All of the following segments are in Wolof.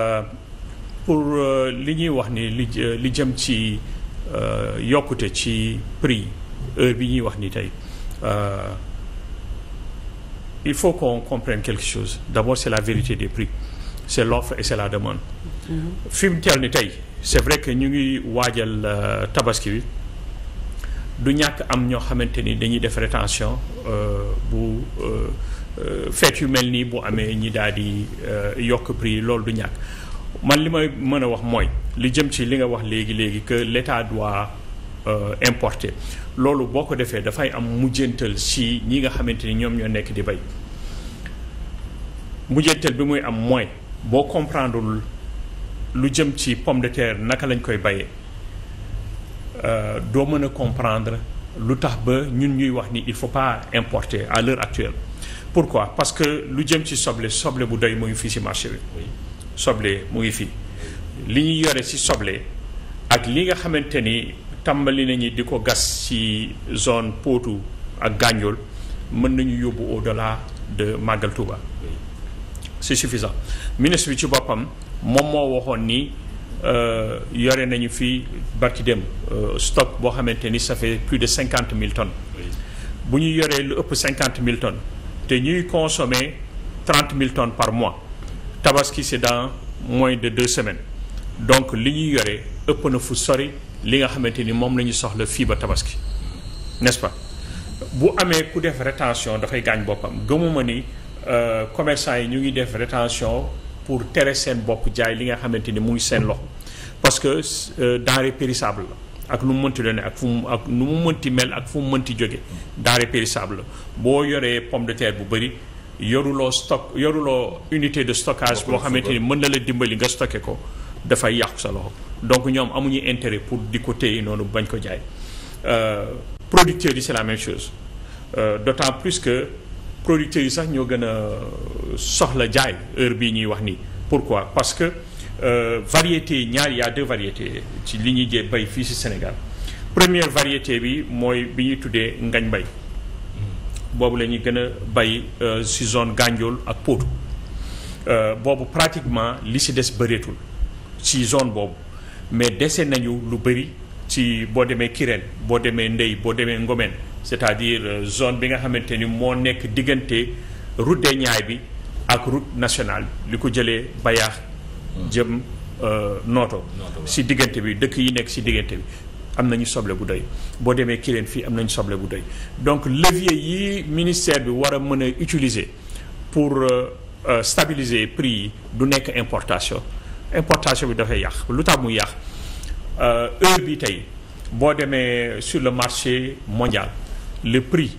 Euh, pour euh, li ñuy wax ni li euh, li jëm ci yokkute ci prix heure bi ñuy wax ni tey il faut qu'on comprenne quelque chose d'abord c'est la vérité des prix c'est l'offre et c'est la demande mm-hmm. fi mu teel ni tey c'est vrai que ñu ngi waajal tabaski bi du ñàkk am ñoo xamante ni dañuy def rétention bu Euh, fête yu mel nii bu amee ñi daal di euh, yokk prix loolu du ñàkk man li may mën a wax mooy lu jëm ci li nga wax léegi léegi que l'État doit euh, importer loolu boo ko defee dafay am mujjantal si ñi nga xamante ni ñoom ñoo nekk di bay mujjantal bi muy am mooy boo comprendrewul lu jëm ci pomme de terre naka lañ koy bayee doo mën a comprendre lu tax ba ñun ñuy wax ni il faut pas importer à l'heure actuelle pourquoi parce que lu jëm ci soble soble bu doy mu ngi fii si marché bi soble mu ngi fii li ñu yore si soble ak li nga xamante ni tàmbali nañu di ko gas ci zone Potou ak Gandiol mën nañu yóbbu au delà de Magal Touba c'est suffisant ministre bi ci boppam moom moo waxoon ni euh, yore nañu fii barki dem euh, stock boo xamante ni ça fait plus de cinquante mille tonnes bu ñu yoree lu ëpp cinquante mille tonnes te ñuy consommer trente mille tonnes par mois tabaski c'est dans moins de deux semaines donc li ñuy yore ëpp na fu sori li nga xamante ni moom la ñu soxla fii ba tabaski n'est-ce bu amee ku def rétention dafay gaañ boppam gëmuma ni euh, commerçant yi ñu ngi def rétention pour tere seen bopp jaay li nga xamante ni mu ngi seen loxo parce que euh, denrée périssable la ak lu mu mënti doon ak fu mu ak nu mu mënti mel ak fu mu mënti jóge denrée périssable la boo yoree pomme de terre bu bëri yoruloo stock yoruloo unité de stockage boo xamante ni mën na la dimbali nga stocké ko dafay yàqu sa loxo donc ñoom amuñu intérêt pour di ko téye noonu bañ ko jaay euh, producteurs yi c'est la même chose euh, d'autant plus que producteurs yi sax ñoo gën a soxla jaay heure bii ñuy wax nii pourquoi parce que Euh, variété yi ñaar y deux variétés ci li ñuy jee bay fii ci Sénégal première variété bi mooy bi ñuy tuddee ngañ bay boobu la ñuy gën a bay euh, ci zone Gandiol ak Potou euh, boobu pratiquement li si des bëreetul ci zone boobu mais dese nañu lu bëri ci boo demee kireel boo demee ndey boo demee Ngomène c'est-à-dire zone bi nga xamante ni moo nekk diggante route des bi ak route nationale li ko jëlee Bayaax jëm euh, nooto si diggante bi dëkk yi nekk si diggante bi am na ñu soble bu doy boo demee Kirène fii am nañu soble bu doy donc levier yi ministère bi war a mën a utiliser pour euh, euh, stabiliser prix yi du nekk importation importation bi dafay yàq lu tax mu yàq heure bi tey boo demee sur le marché mondial le prix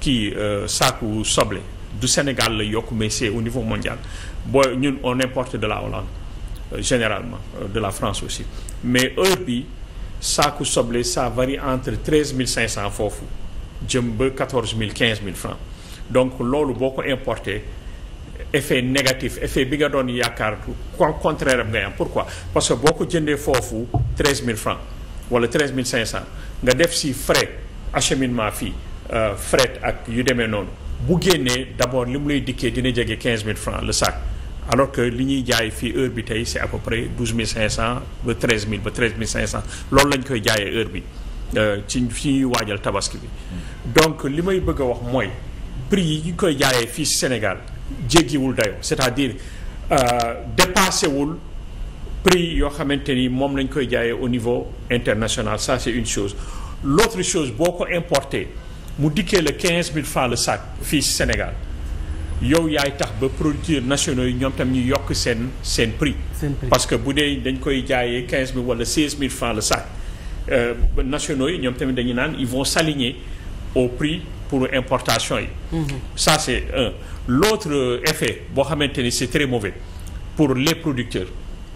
kii saaku soble du Sénégal la yokk mais c'est au niveau mondial booy ñun on importe de la Hollande euh, généralement euh, de la France aussi mais heure bi saaku soble ça varie entre mille cinq cent foofu jëm ba quatorze mille quinze mille francs donc loolu boo ko importé effet négatif effet bi nga doon yaakaar contraire am ngay am pourquoi parce que boo ko jëndee foofu treize mille francs wala treize mille cinq cent nga def si frais acheminement fii euh, fret ak yu demee noonu bu génnee d' abord li mu lay dikkee dina jege quinze mille francs le sac alors que li ñuy jaay fii heure bi tey c' est à peu cinq cent ba treize mille ba treize cinq cent loolu lañ koy jaayee heure bi euh, ci fi ñuy waajal tabaski bi donc li may bëgg a wax mooy prix yi ñu koy jaayee fii Sénégal jéggiwul dayoo c' est à dire euh, dépassé wul prix yoo xamante ni moom lañ koy jaayee au niveau international ça c' est une chose l' chose boo ko importé mu dikkee la mille francs le sac fii si Sénégal yow yaay tax ba producteurs nationaux yi ñoom tam ñu yokk seen seen prix. parce que bu dee dañ koy jaayee quinze mille wala seize mille francs le sac euh, nationaux yi ñoom tamit dañu naan ils vont s'aligner au prix pour importation yi. Mm ça c'est un l'autre effet boo xamante ni c'est très mauvais pour les producteurs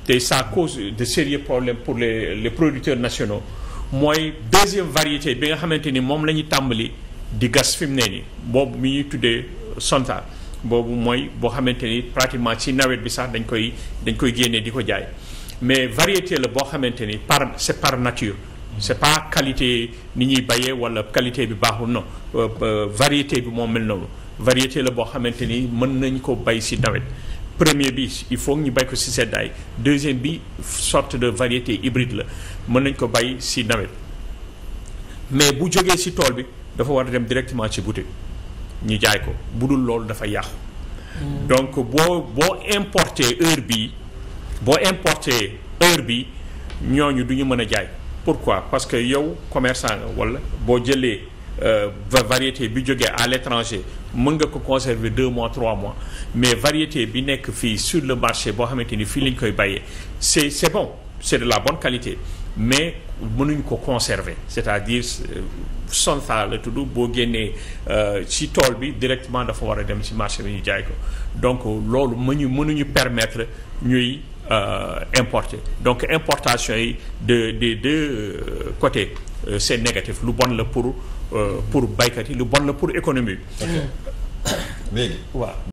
te ça cause de sérieux problèmes pour les les producteurs nationaux mooy deuxième variété bi nga xamante ni moom la ñu tàmbali. di gas fi mu ne nii boobu mi ñuy tuddee sontar boobu mooy boo xamante ni pratiquement ci nawet bi sax dañ koy dañ koy génnee di ko jaay mais variété la boo xamante ni par c'est par nature c'est pas qualité ni ñuy bayee wala qualité bi baaxul non euh, euh, variété bi moo mel noonu variété la boo xamante ni mën nañ ko bay si nawet premier bi il faut ñu bay ko ci seddaay deuxième bi sorte de variété hybride la mën nañ ko bay si nawet mais bu jógee ci tool bi dafa war a dem directement ci boutique ñu jaay ko bu dul loolu dafa yàqu donc boo boo importer heure bi boo importer heure bi ñooñu du ñu mën a jaay pourquoi parce que yow commerçant nga wala boo jëlee euh, variété bi jógee à l'étranger mën nga ko conserver deux mois trois mois mais variété bi nekk fii sur le marché boo xamante ni fii lañ koy bàyyee c'est c'est bon c'est de la bonne qualité mais mënuñ ko conserver c'est-à-dire euh, sonfa la tudd boo génnee euh, ci tool bi directement dafa war a dem ci marché bi ñu jaay ko donc euh, loolu mënuñu mënuñu permettre ñuy importer donc importation yi de des deux côtés c'est négatif lu bon la pour pour baykat yi lu bon la pour économie bi. léegi waaw.